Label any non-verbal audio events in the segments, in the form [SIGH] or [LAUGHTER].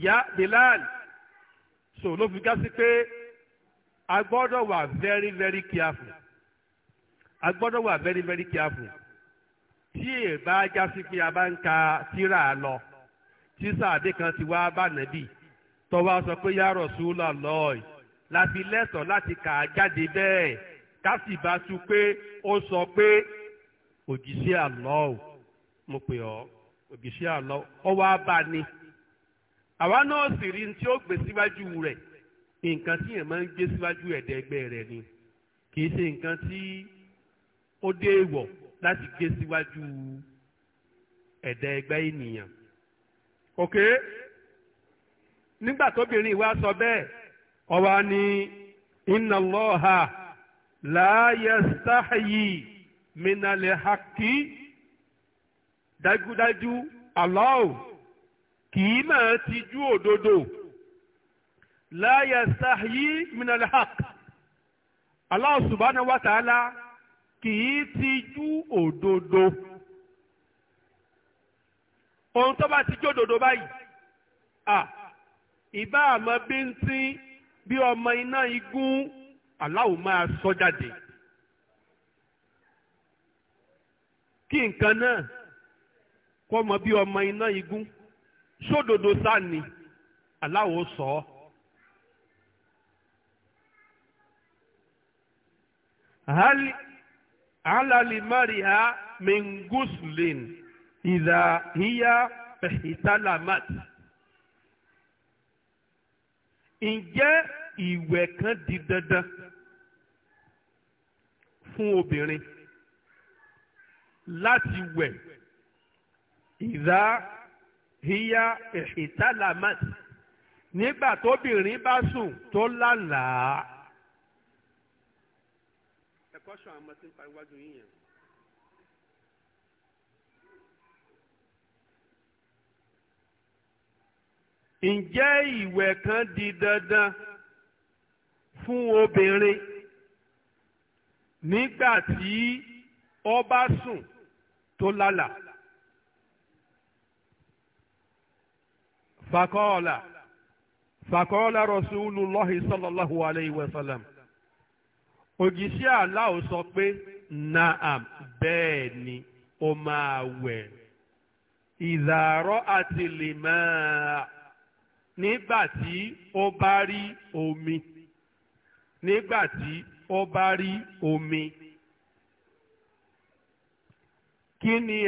ya Bilal so ló fi gásí pé a gbọ́dọ̀ wà very very careful a gbọ́dọ̀ wà very very careful tí ẹ bá gásí pé a bá ń ka tírà lọ tí sàdé kan ti wá bá nàbì tó wá sọ pé ya Rasulullah la fi lẹ́tọ̀ọ́ láti kà á jáde bẹ́ẹ̀ ká sì bá tu pé ó sọ pé òjíṣẹ́ Allah mo pè ọ́ òjíṣẹ́ Allah ọ wá bá ní àwa náà sì rí ní tí ó gbé síwájú rẹ̀ nǹkan tí yẹn máa ń gbé síwájú ẹ̀dẹ̀ ẹgbẹ́ ni kì í ṣe nǹkan tí ó dé èèwọ̀ láti gbé síwájú ẹ̀dẹ̀ ènìyàn. ok nígbà tóbìnrin ìwà sọ bẹ́ẹ̀ ọba ni inna Allaha la yastahyi minal haqqi dájúdájú Allah kì í máa tijú òdodo láyà sáyí minalhaq Allah subhanahu wa ta'ala kì í tijú òdodo ohun tó bá tijú òdodo báyìí à ìbá àmọ́ bíntín bí ọmọ iná igún Allah máa sọ jáde. kí nǹkan náà kọ́ mọ bí ọmọ iná igún sódodo sá ni aláwo sọ ọ́ hali alalimari ha minguslin ìdáhíyá pẹ̀hìtálàmát ǹjẹ́ ìwẹ̀ kan di dandan fún obìnrin láti wẹ̀ ìdá hiya ìtàlámàt nígbà tóbìnrin bá sùn tó lálàá. ẹ̀kọ́ sọ àwọn ọmọ tí ń parí wájú ǹjẹ́ ìwẹ̀ kan di dandan fún obìnrin nígbà tí ó bá sùn tó lálà فقال فقال رسول الله صلى الله عليه وسلم òjíṣẹ́ aláwo sọ na naam bẹ́ẹ̀ ni ó máa wẹ̀ ìdàrọ́ àti lè máa omi Kini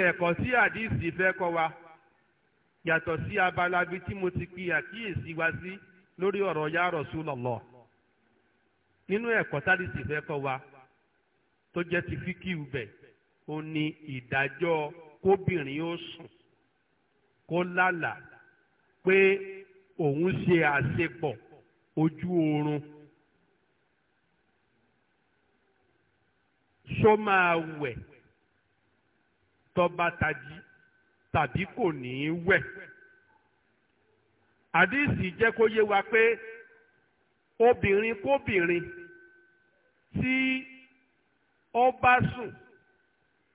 tí ó yàtọ̀ sí abala bíi tí mo ti pe àkíyèsí wa sí lórí ọ̀rọ̀ ya Rasulullah nínú ẹ̀kọ́ tádìsì fẹ́ kọ́ wa tó jẹ́ ti fíkìú bẹ̀ ó ní ìdájọ́ kóbìnrin ó sùn kó lálàá pé òun ṣe àṣepọ̀ ojú oorun ṣó máa wẹ̀ tó bá tají tàbí kò ní í wẹ̀. àdìsí jẹ́ kó yé wa pé obìnrin kóbìnrin tí ó bá sùn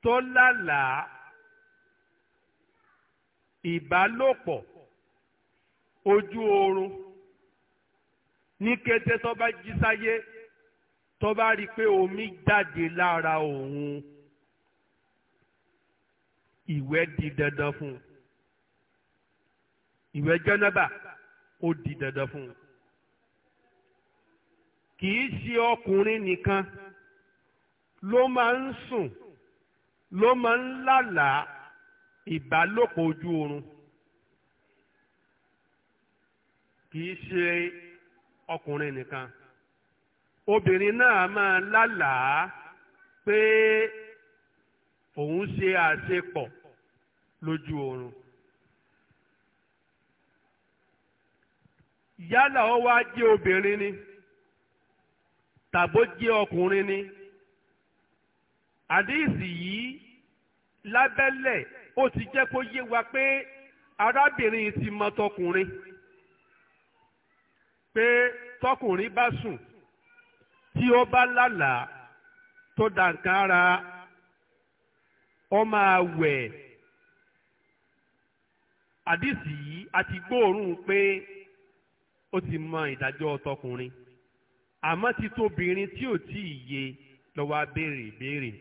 tó lálàá ìbálòpọ̀ ojú oorun ní kété tó bá jí sáyé tó bá rí i pé omi jáde lára òun ìwẹ̀ di dandan fún un ìwẹ̀ jẹ́nẹ́bà ó di dandan fún un kì í ṣe ọkùnrin nìkan ló máa ń sùn ló máa ń lálàá ìbálòpọ̀ ojú oorun kì í ṣe ọkùnrin nìkan obìnrin náà máa lálàá pé òun ṣe àṣepọ̀ lójú oorun. yálà ó wá jẹ́ obìnrin ni tàbó jẹ́ ọkùnrin ni àdéhìsì yìí lábẹ́lẹ̀ ó ti jẹ́ kó yé wa pé arábìnrin ti mọ tọkùnrin pé tọkùnrin bá sùn tí ó bá lálàá tó dàǹkan ara ó máa wẹ̀ àdìsí yìí a ti gbóòórùn pé ó ti mọ ìdájọ́ tọkùnrin àmọ́ ti tóbìnrin tí ò tí ì yé lọ́wọ́ abéèrè ìbéèrè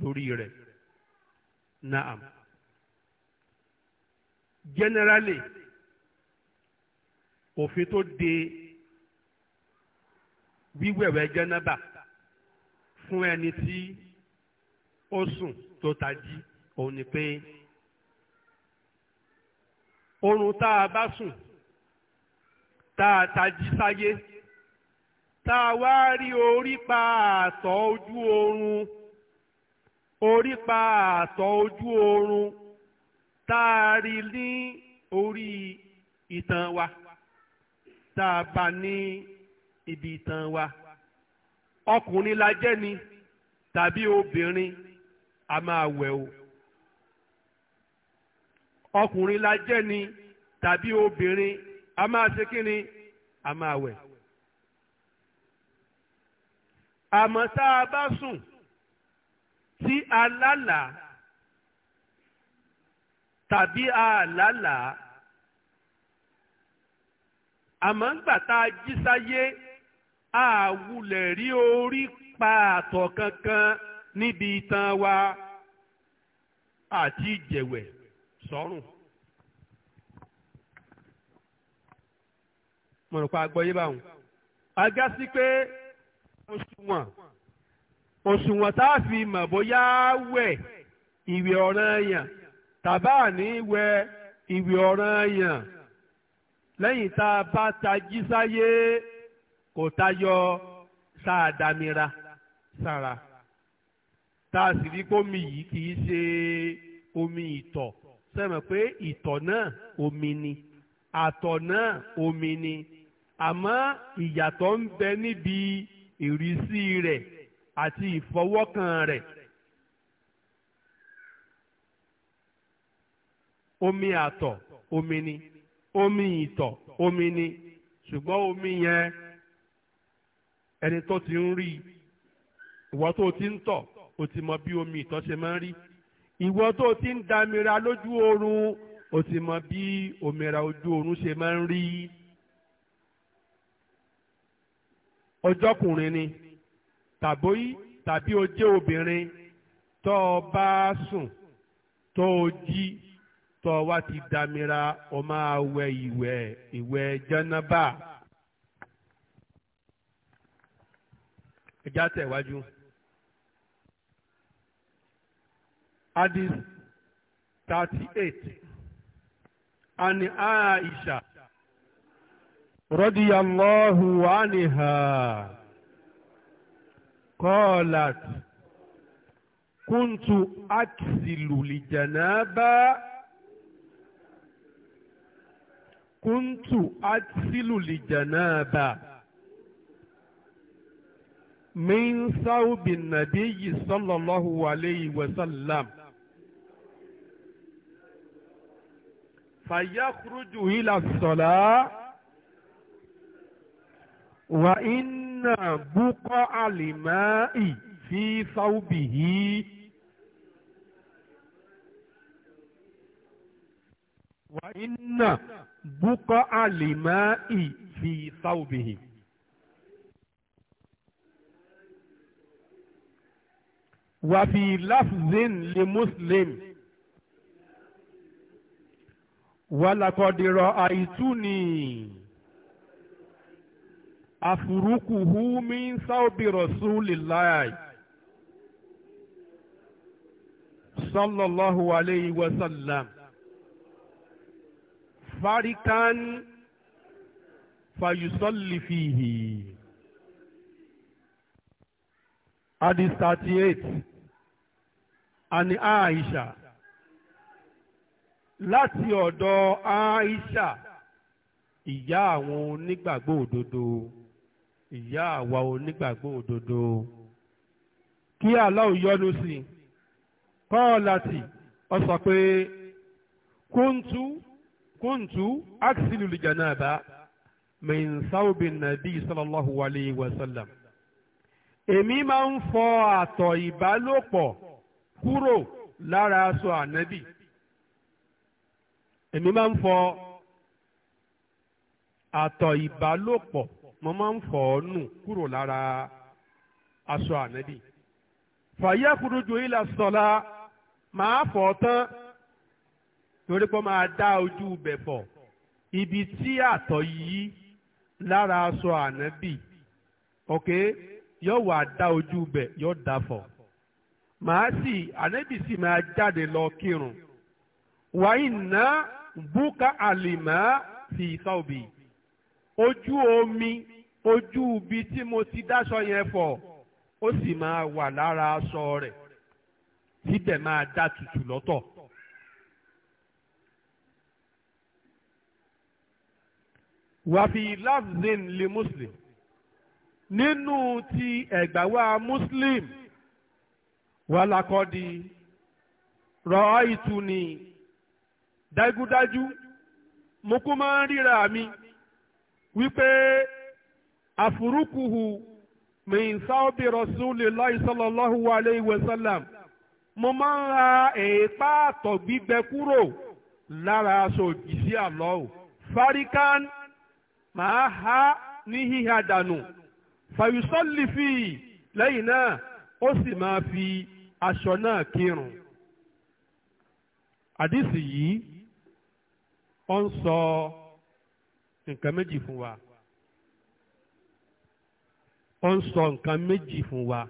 lórí rẹ̀ naam generally òfin tó de wíwẹ̀wẹ̀ jẹ́nẹ́bà fún ẹni tí ó sùn tó tají òun ni pé oorun tá a bá sùn tá a tají sáyé tá a wá rí orí pa àtọ̀ ojú oorun orí pa àtọ̀ ojú oorun tá a rí ní orí ìtàn wa tá a bá ní ibi ìtàn wa ọkùnrin la jẹ́ ni tàbí obìnrin a máa wẹ̀ o ọkùnrin la jẹ́ ni tàbí obìnrin a máa ṣe kí ni a máa wẹ̀. àmọ́ tá a bá sùn tí a lálàá tàbí a lálàá àmọ́ ńgbà tá a jí sáyé a wulẹ̀ rí orí pa àtọ̀ kankan níbi itan wa àti ìjẹ̀wẹ̀ sọ́rùn. mo rò pé agbọ́yé báwọn. a já sí pé òṣùwọ̀n òṣùwọ̀n tá a fi mọ̀ bóyá wẹ̀ ìwẹ̀ ọ̀ranyàn tàbá ní wẹ̀ ìwẹ̀ ọ̀ranyàn lẹ́yìn tá a bá tají sáyé kò tayọ sáàdámira sára tá a sì rí pé omi yìí kì í ṣe omi ìtọ̀ sẹ́mi pé ìtọ̀ náà omi ni àtọ̀ náà omi ni àmọ́ ìyàtọ̀ ń bẹ níbi ìrísí rẹ̀ àti ìfọwọ́kàn rẹ̀. omi àtọ̀ omi ni omi ìtọ̀ omi ni ṣùgbọ́n omi yẹn ẹni tó ti ń rí ìwọ tó ti ń tọ̀ o ti mọ bí omi ìtọ̀ ṣe máa ń rí ìwọ tó ti ń damira lójú oorun o ti mọ bí òmìnira ojú oorun ṣe máa ń rí ọjọ́kùnrin ni tàbí tàbí o jẹ́ obìnrin tó o bá sùn tó o jí tó o wá ti damira o máa wẹ ìwẹ̀ ìwẹ̀ jánábà ẹjá tẹ̀wájú. hadith 38. eight ani aisha radiyallahu anha qalat kuntu aksilu lijanaba kuntu aksilu lijanaba. من ثوب النبي صلى الله عليه وسلم فيخرج إلى الصلاة وإن بقع الماء في ثوبه وإن بقع الماء في ثوبه وفي لفظ لمسلم wàlàkọ̀dìrọ̀ àìtúni àfùrúkùhù mi ń sáòbìrọ̀ súlìláì sallallahu alayhi wa sallam farikan fayusalli fihi hadith 38 ani aisha láti ọ̀dọ̀ Aisha ìyá àwọn onígbàgbọ́ òdodo ìyá àwa onígbàgbọ́ òdodo kí Allah yọ́nú sí i kọ́ọ̀láti ó sọ pé kúntù kúntù aksilu lìjànàbà min sáwùbì nàbí sallallahu alayhi wa sallam èmi máa ń fọ àtọ̀ ìbálòpọ̀ kúrò lára aṣọ ànábì èmi máa ń fọ àtọ̀ ìbálòpọ̀ mo máa ń fọ̀ ọ́ nù kúrò lára aṣọ ànábì fàyà kúrújú ilà sọlá máa fọ̀ tán torí pé máa dá ojú ibẹ̀ fọ̀ ibi tí àtọ̀ yìí lára aṣọ ànábì ok yóò wà dá ojú ibẹ̀ yóò dá fọ̀ màá sì ànábì sì máa jáde lọ kírun. wàyínà búkà àlìmá fi sọ́ọ̀bì ojú omi ojú ibi tí mo ti dáṣọ yẹn fọ̀ ó sì máa wà lára aṣọ rẹ̀ síbẹ̀ máa dá tutù lọ́tọ̀. wàfi lafzin li muslim nínú ti egbawa muslim wàlàkọ́dì rọ̀ ọ́ ìtuni. dájúdájú mo kú máa ń ríra mi wípé àfurúkùhù min sáwọ́bì rasulillahi sallallahu alayhi wa sallam mo máa ń ra èèpá àtọ̀ gbígbẹ kúrò lára aṣọ òjìṣẹ́ àlọ́ ò fáríkán màá há ní híhá dànù fàyùsọ́lì fi náà ó sì máa fi aṣọ náà kírun. àdìsí yìí ó ń sọ nǹkan méjì fún wa ó ń sọ nǹkan méjì fún wa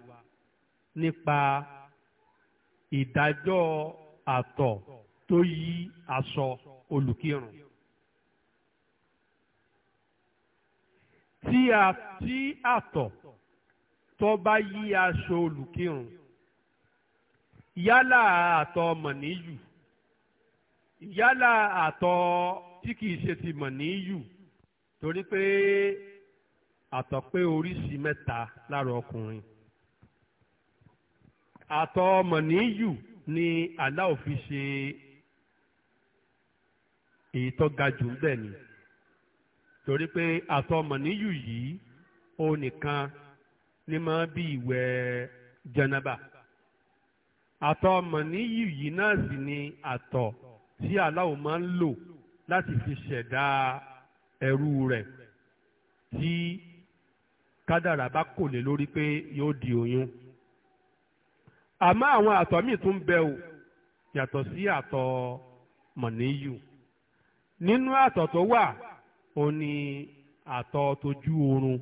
nípa ìdájọ́ àtọ̀ tó yí aṣọ olùkírun. tí a tí àtọ̀ tó bá yí aṣọ olùkírun yálà àtọ̀ mọ̀níyù yálà àtọ̀ tí kìí ṣe ti mọ̀ níyù torí pé àtọ̀ pé oríṣìí mẹ́ta lára ọkùnrin àtọ̀ mọ̀ níyù ni Allah fi ṣe èyí tó ga jù ń ni torí pé àtọ̀ mọ̀ níyù yìí ó nìkan ní máa bí ìwẹ̀ jẹnaba àtọ̀ mọ̀ níyù yìí náà sì ni àtọ̀ tí aláwo máa ń lò láti fi ṣẹ̀dá ẹrú rẹ̀ tí kádàrà bá kò lè lórí pé yóò di oyún àmọ́ àwọn àtọ̀ míì tún bẹ o yàtọ̀ sí àtọ̀ mọ̀níyù nínú àtọ̀ tó wà ó ní àtọ̀ tójú oorun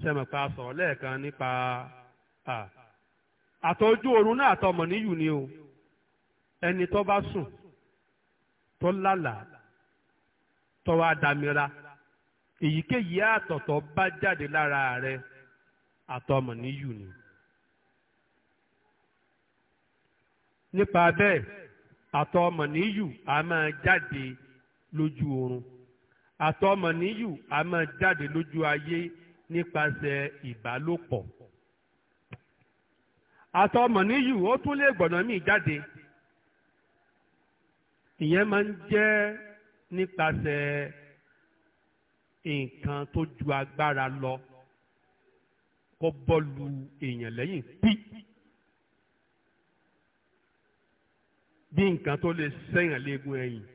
sẹ́mọ̀pá sọ̀rọ̀ lẹ́ẹ̀kan nípa àtọ̀ ojú oorun náà àtọ̀ mọ̀níyù ni o ẹni tó bá sùn tó lálàá tó wá damira èyíkéyìí àtọ̀ tó bá jáde lára rẹ̀ àtọmọ níyù ni. nípa bẹ́ẹ̀ àtọmọ níyù a máa jáde lójú oorun àtọmọ níyù a máa jáde lójú ayé nípasẹ̀ ìbálòpọ̀ àtọmọ níyù ó tún lè gbọ̀nà míì jáde ìyẹn máa ń jẹ́ nípasẹ̀ nǹkan tó ju agbára lọ kó bọ́ọ̀lù èèyàn lẹ́yìn pí bí nǹkan tó lè sẹ́yìn léegun ẹ̀yìn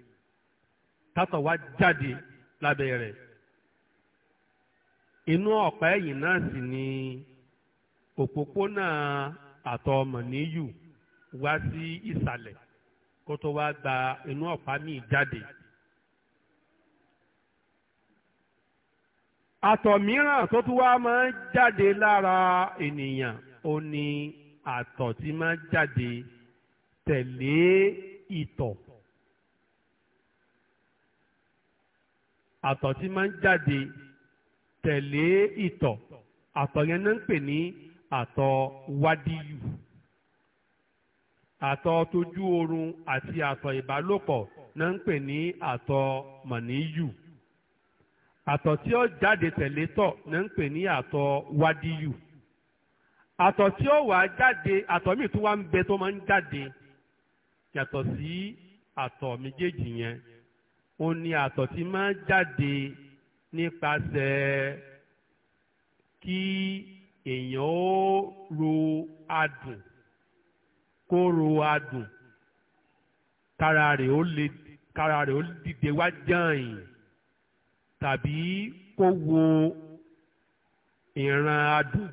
tátọ̀ wá jáde lábẹ́ rẹ̀ inú ọ̀pá ẹ̀yìn náà sì ni òpópónà àtọ̀ níyù wá sí ìsàlẹ̀ kó tó wá gba inú ọ̀pá míì jáde. àtọ̀ mìíràn tó tún wá máa ń jáde lára ènìyàn ó ní àtọ̀ tí máa ń jáde tẹ̀lé ìtọ̀. àtọ̀ tí máa ń jáde tẹ̀lé ìtọ̀ àtọ̀ yẹn náà ń pè ní àtọ̀ wádìí yù. àtọ̀ tójú oorun àti àtọ̀ ìbálòpọ̀ náà ń pè ní àtọ̀ mọ̀níyù tí ó jáde tẹ̀lé tọ̀ náà ń pè ní àtọ̀ wádìyù tí ó wà jáde àtọ̀ mi tó wá ń bẹ tó máa ń jáde yàtọ̀ sí àtọ̀ méjèèjì kóró adùn kára rẹ̀ ó lè kára rẹ̀ ó dìde wá jàǹyìn tàbí kó wo ìran adùn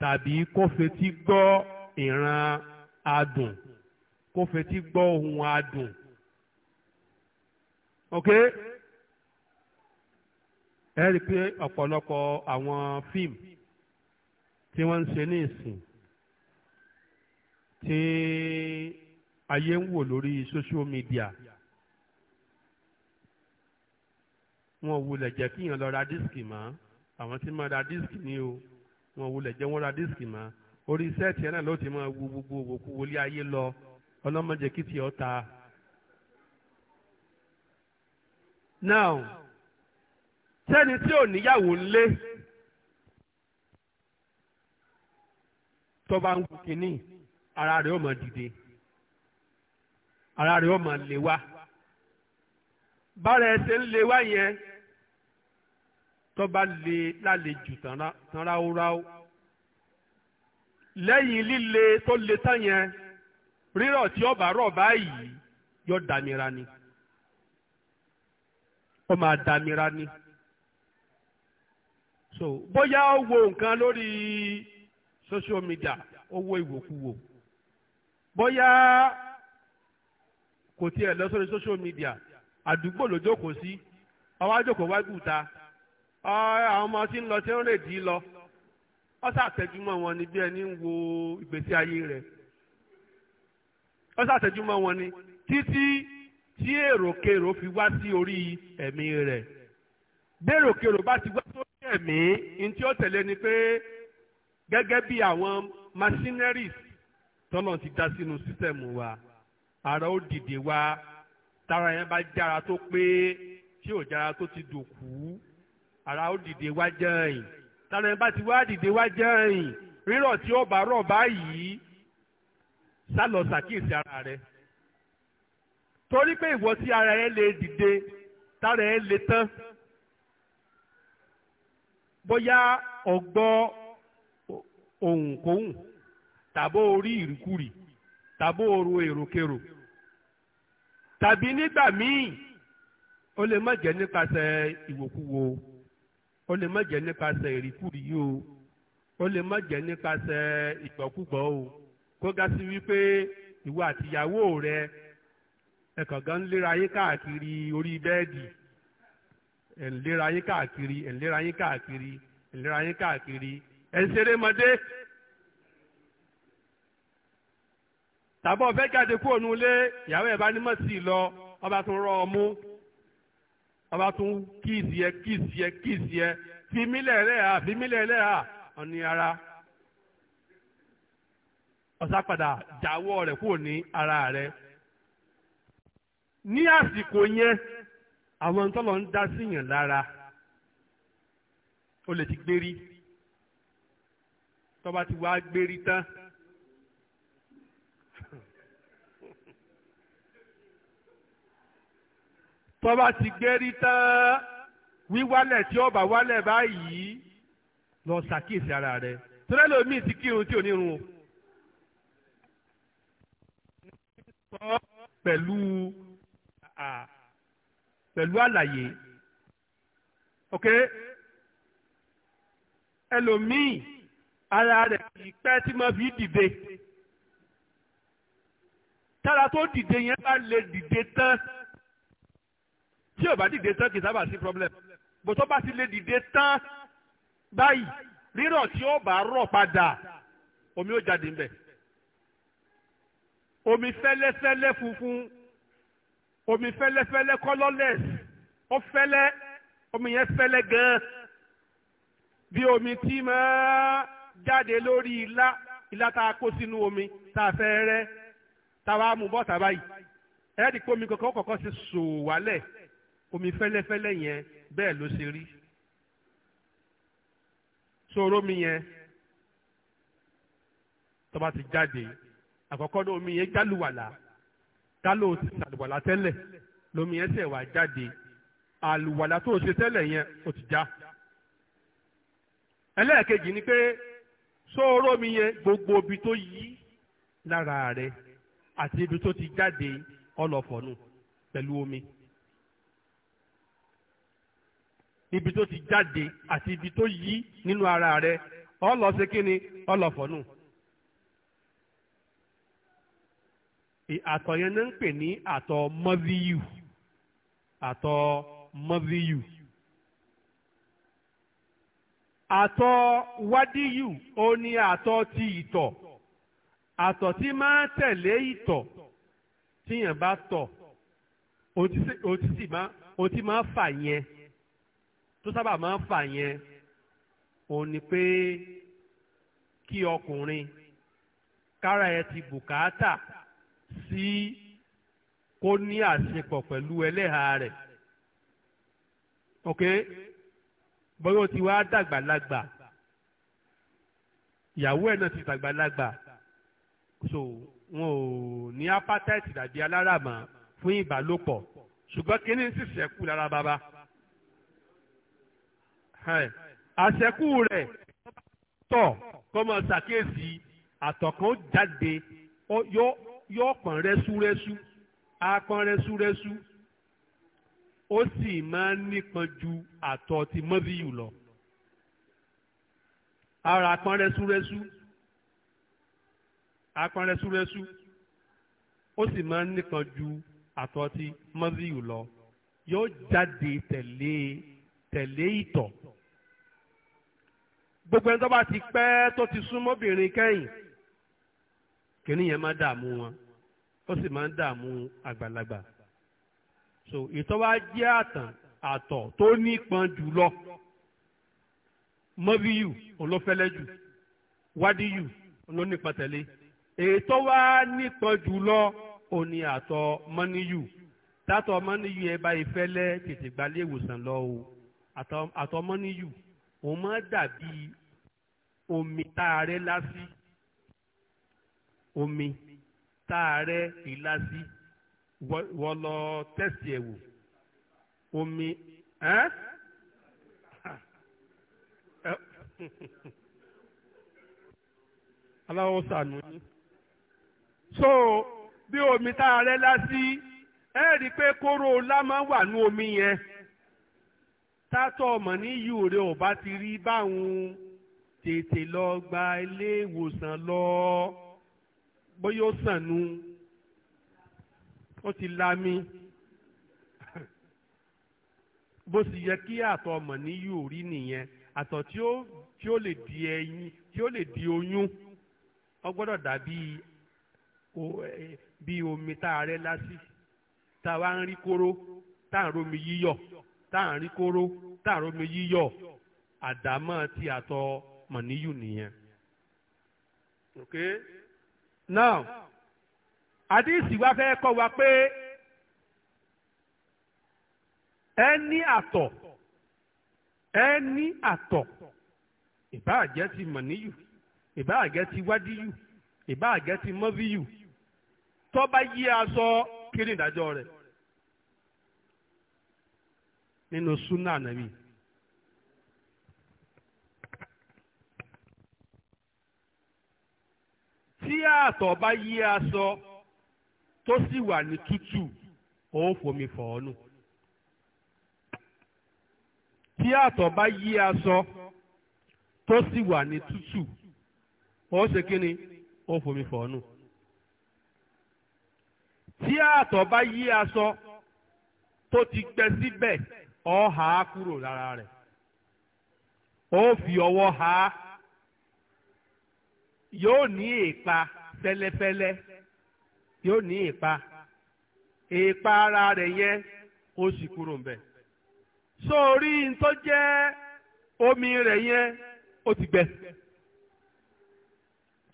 tàbí kó fetí gbọ́ ìran adùn kó fetí gbọ́ ohun adùn ok ẹ rí i pé ọ̀pọ̀lọpọ̀ àwọn fíìmù tí wọ́n ń ṣe ní ìsìn tí ayé ń wò lórí social media wọn ò wulẹ̀ jẹ́ kíyàn lọ ra dísìkì mọ́ àwọn tí máa ra dísìkì ni o wọn ò wulẹ̀ jẹ́ wọ́n ra dísìkì mọ́ orí sẹ́ẹ̀tì náà ló ti máa wo gbogbo òwòkú wọlé ayé lọ ọlọ́mọdé kí tiẹ̀ ta. now sẹ́ni tí ò níyàwó ńlé tó bá ń gun kínní. ara rẹ̀ ó máa dìde ara rẹ̀ ó máa lè wá bára ẹ ṣe ń lè wá yẹn tó bá lálejò tán ráúráú lẹ́yìn líle tó le tán yẹn rírọ̀ tí ó bá rọ̀ báyìí damirani dàmíra ni ó ni so bóyá ó wo nǹkan lórí social media ó wo ìwòkuwò. bóyá kò tiẹ̀ lọ sórí social media àdúgbò ló jókòó sí ọwọ́ àjòkó wájú ta àwọn ọmọ tí ń lọ tí ń rè dí lọ wọ́n ṣàtẹ̀júmọ́ wọn ni bí ẹni ń wo ìgbésí ayé rẹ̀ wọ́n ṣàtẹ̀júmọ́ wọn ni títí tí èròkèrò fi wá sí orí ẹ̀mí rẹ̀ bẹ́ẹ̀ròkèrò bá ti wá sórí ẹ̀mí ní tí ó tẹ̀lé ni pé gẹ́gẹ́ bí àwọn machineries tọ́lọ̀ ti dá sínú sísẹ̀mù wa ara ó dìde wa tára yẹn bá jára tó pé tí ò jára tó ti dòkú ara ó dìde wa jẹ́yìn tára yẹn bá ti wá dìde wa jẹ́yìn rírọ̀ tí ó rọ̀ báyìí sálọ ṣàkíyèsí ara rẹ torí pé ìwọ tí ara rẹ lè dìde tára rẹ lè tán bóyá ọgbọ́ òǹkóhùn tàbó orí ìrìkúrì tàbó oru èròkèrò tàbí nígbà míì ó lè má jẹ́ nípasẹ̀ ìwòkuwò ó lè má jẹ́ nípasẹ̀ ìrìkúrì yìí o ó lè má jẹ́ nípasẹ̀ ìgbọ́kúgbọ́ o kó ga sí wípé ìwọ àtìyàwó rẹ ẹ̀kàn gan ń léra yín káàkiri orí bẹ́ẹ̀dì ẹ̀ ń léra yín káàkiri ẹ̀ ń léra yín káàkiri ẹ̀ ń léra yín káàkiri ẹ̀ ń ṣeré mọ́dé tàbọ̀ fẹ́ jáde kúrò nulé ìyàwó ẹ̀ bá ní mọ̀ sí i lọ ọba tún rọ ọmú ọba tún kíìsì ẹ kíìsì ẹ kíìsì ẹ fímílẹ̀ lẹ́hà fímílẹ̀ lẹ́hà ọ̀ni ara ọ̀sápadà jáwọ́ rẹ̀ kúrò ní ara rẹ̀ ní àsìkò yẹn àwọn tọ́lọ̀ ń dá síyàn lára ó lè ti gbérí tọ́ba ti wá gbérí tán. tó bá ti gbérí tán wíwálẹ̀ tí ọba wálẹ̀ báyìí lọ ṣàkíyèsí ara rẹ torí lómi ti kírun tí ò ní run o. sọ pẹ̀lú pẹ̀lú àlàyé ok ẹlòmíì ara rẹ̀ kì í pẹ́ tí mo fi dìde tára tó dìde yẹn bá lè dìde tán tí ò bá dìde tán kì í sábà sí problem bó tó bá ti lè dìde tán báyìí rírọ̀ tí ó bá rọ̀ padà omi ó jáde ń bẹ̀ omi fẹ́lẹ́fẹ́lẹ́ funfun omi fẹ́lẹ́fẹ́lẹ́ colorless ó fẹ́lẹ́ omi yẹn fẹ́lẹ́ gan-an bí omi tí máa jáde lórí ilá ilá tá a kó sínú omi tá a fẹ́ rẹ́ tá a wá mú bọ́ọ̀tà báyìí ẹ̀ẹ́dì pé omi kankan kọ̀ọ̀kan ti sòwò omi fẹ́lẹ́fẹ́lẹ́ yẹn bẹ́ẹ̀ ló ṣe rí sóró mi yẹn tó bá ti jáde àkọ́kọ́ ní omi yẹn jálùwàlà tálò ti sàlùwàlà tẹ́lẹ̀ lómi yẹn ṣẹ̀ wá jáde àlùwàlà tó ṣe tẹ́lẹ̀ yẹn ó ti já ẹlẹ́ẹ̀kejì ni pé sóró mi yẹn gbogbo ibi tó yí lára rẹ̀ àti ibi tó ti jáde ọlọ́fọ̀nù pẹ̀lú omi. ibi tó ti jáde àti ibi tó yí nínú ara rẹ ọlọ ṣe kí ni ọlọfọnù àtọ̀ yẹn náà ń pè ní àtọ̀ mọ́víyù àtọ̀ mọ́víyù àtọ̀ wádìyù ó ní àtọ̀ ti ìtọ̀ àtọ̀ tí máa tẹ̀lé ìtọ̀ tíyàn bá tọ̀ òtí máa fà yẹn tó sábà máa ń fà yẹn òun ni pé kí ọkùnrin kára ẹ ti bùkátà sí kó ní àṣepọ̀ pẹ̀lú ẹlẹ́hàá rẹ̀ ok bóyá o ti wá dàgbàlagbà ìyàwó ẹ̀ náà ti dàgbàlagbà so wọn ò ní apátẹ́ẹ̀tì tàbí aláràmọ́ fún ìbálòpọ̀ ṣùgbọ́n kínní sì ṣẹ́kù lára bàbá àṣẹkù rẹ̀ tọ̀ kọ́mọ ṣàkíyèsí àtọ̀kàn jáde yóò pọ̀n rẹ́súrẹ́sú á pọ̀n rẹ́súrẹ́sú ó sì máa ń nípọn ju àtọ̀ ti mọ́bíyù lọ ara apọn rẹ́súrẹ́sú apọn rẹ́súrẹ́sú ó sì máa ń nípọn ju àtọ̀ ti mọ́bíyù lọ yóò jáde tẹ̀lé e tẹ̀lé ìtọ̀ gbogbo ẹni tó bá ti pẹ́ tó ti súnmọ́ obìnrin kẹ́yìn kìnìún yẹn máa dààmú wọn ó sì máa ń dààmú àgbàlagbà so ìtọ̀ wa jẹ́ àtàn àtọ̀ tó nípọn jù lọ mọ́bíyù olófẹ́lẹ́ jù wádìyù olónípọn tẹ̀lé ètò wa nípọn jù lọ òní àtọ̀ mọ́níyù tátọ̀ mọ́níyù ẹ bá ìfẹ́lẹ́ tètè gbalé ìwòsàn lọ àtọmọ́níyù òun máa dàbí omi táàrẹ́ lásì omi táàrẹ́ ìlásì wọ́n lọ tẹ́sì ẹ̀ wò omi ẹ́ [LAUGHS] aláwọ̀ sànú yín so bí omi táàrẹ́ lásì ẹ̀ rí i pé kóró ọlá máa wà ní omi yẹn tátọ̀ ọmọ ní yùrè ò bá ti rí báwọn tètè lọ gba ilé ìwòsàn lọ bóyá ó sànù ó ti lami bó sì yẹ kí àtọ̀ ọmọ ní yùrè nìyẹn àtọ̀ tí ó tí ó lè di ẹyin tí ó lè di oyún ó gbọ́dọ̀ dàbí bí omi tá a rẹ́ lásì tá a wá ń rí kóró tá a ń romi yíyọ̀ tá à ń rí kóró tá à ń romi yíyọ àdámọ́ ti àtọ̀ mọ̀níyù nìyẹn. okay now àdìsí wa fẹ́ kọ́ wa pé ẹni àtọ̀ ẹni àtọ̀ ìbáà jẹ́ ti mọ̀níyù ìbáà jẹ́ ti wádìyù ìbáà jẹ́ ti mọ́víyù tó bá yí aṣọ kí ìdájọ́ rẹ̀ nínú súnà nàbí. tí àtọ̀ bá yí aṣọ tó sì wà ní tútù ó fomi fọ̀ ọ́ nù. tí àtọ̀ bá yí aṣọ tó sì wà ní tútù ó ṣe kí ni ó fomi fọ̀ ọ́ nù. tí àtọ̀ bá yí aṣọ tó ti gbẹ síbẹ̀. Si ọ hà á kúrò lára rẹ̀ ó fi ọwọ́ hà yóò ní èèpa fẹ́lẹ́fẹ́lẹ́ yóò ní èèpa èèpa ara rẹ̀ yẹn ó sì kúrò ńbẹ̀ sórí tó jẹ́ omi rẹ̀ yẹn ó ti gbẹ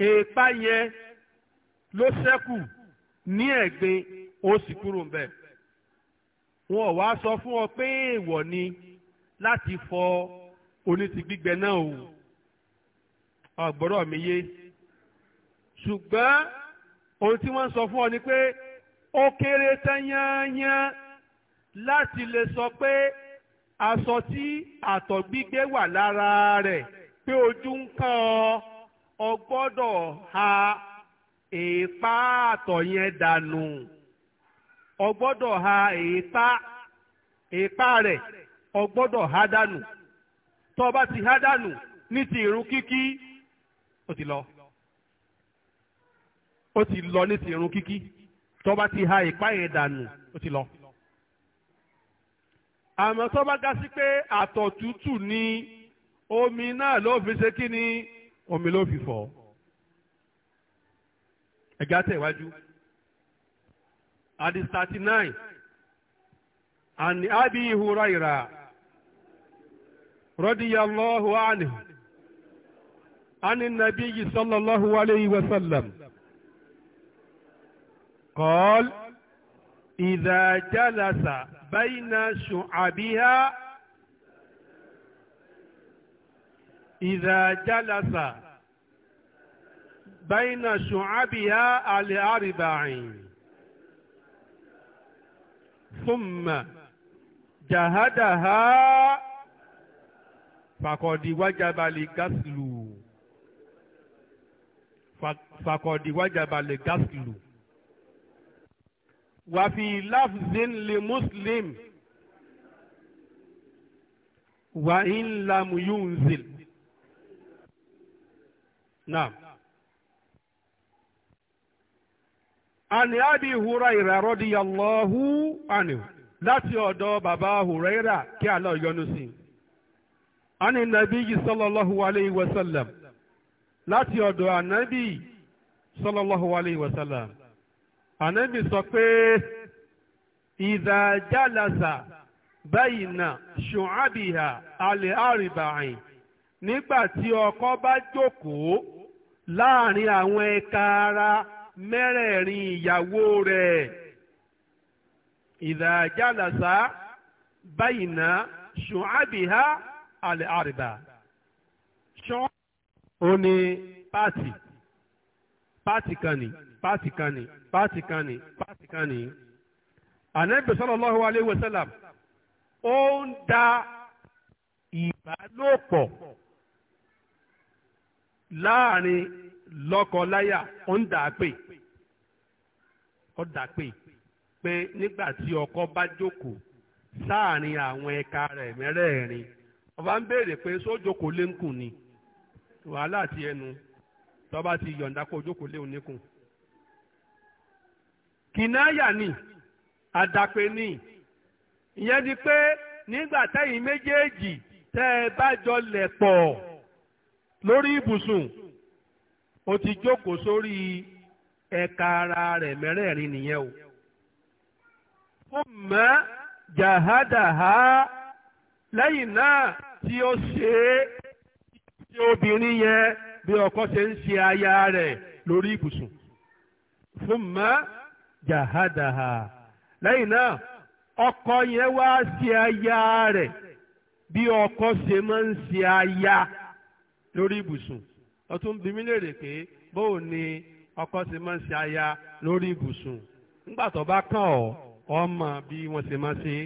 èèpa yẹn ló sẹ́kù ní ẹ̀gbin ó sì kúrò ńbẹ̀. wọn ò wá sọ fún ọ pé èèwọ̀ ni láti fọ oníti gbígbẹ náà o ọ̀gbọ́rọ̀ mi yé ṣùgbọ́n ohun tí wọ́n sọ fún ọ ni pé ó kéré tán yányán láti lè sọ pé aṣọ tí àtọ̀ wà lára rẹ̀ pé ojú ń kàn ọ́ ọ gbọ́dọ̀ ha èèpá àtọ̀ yẹn dànù o gbọ́dọ̀ ha èépá èépá rẹ̀ o gbọ́dọ̀ ha dànù tó o bá ti ha dànù ní ti irun kíkí ó ti lọ ó ti lọ ní ti irun kíkí tó o bá ti ha èépá yẹn dànù ó ti lọ àmọ́ tó ga sí pé àtọ̀ tútù ni omi náà ló fi ṣe kí ni omi ló fi fọ̀ ẹ̀gá tẹ̀wájú hadis thirty nine an abi huraira radiyallahu anhu an nabiyyi sallallahu alayhi wa sallam قال إذا جلس بين شعبها إذا جلس بين شعبها الأربعين ثم جهدها فقد وجب الغسل فقد وجب الغسل وفي لفظ لمسلم وإن لم ينزل نعم àní àbí Huraira radiyallahu anhu láti ọ̀dọ̀ bàbá Huraira kí Allah yọ́nú sí i. àní nàbí sallallahu alayhi wa sallam láti ọ̀dọ̀ ànábì sallallahu alayhi wa sallam. ànábì sọ pé idha jalasa bayna shu'abiha al-arba'in nígbà tí ọkọ bá jókòó láàrin àwọn ẹ̀ka ara. mẹ́rẹ̀ẹ̀rin ìyàwó rẹ̀ ìdájálàsá báyìíná ṣùnàbíhá àlẹ́ àrìbá ṣọ́ ó ní pàtì pàtì kan ní pàtì kan ní pàtì kan ní pàtì kan ní ànábì sallallahu alayhi wa ó ń da ìbálòpọ̀ láàrin lọ́kọ-láyà ó ń dà á pè ó dà á pè pé nígbà tí ọkọ bá jókòó sáàrin àwọn ẹ̀ka rẹ̀ mẹ́rẹ̀ẹ̀rin ọba ń béèrè pé sójókòó léńkùn ni wàhálà ti ẹnu tọ́ba ti yọ̀ǹda kó ojókòó léwu níkùn. kìnnáyà ni àdàpè ni ìyẹn ni pé nígbà tẹ́yìn méjèèjì tẹ́ ẹ bá jọ lẹ̀ pọ̀. lórí ibùsùn ó ti jókòó sórí ẹ̀ka ara rẹ̀ mẹ́rẹ̀ẹ̀rin nìyẹn o. thumma jahadaha lẹ́yìn náà tí ó ṣe é tí obìnrin yẹn bí ọkọ ṣe ń ṣe aya rẹ̀ lórí ibùsùn. thumma jahadaha lẹ́yìn náà ọkọ yẹn wá ṣe aya rẹ̀ bí ọkọ ṣe máa ń ṣe aya. lórí ibùsùn ó tún bi mí léèrè pé bóò ni ọkọ ṣe máa ń ṣe aya lórí ibùsùn nígbà tó bá kàn ọ́ ọmọ bí wọ́n ṣe máa ṣe é.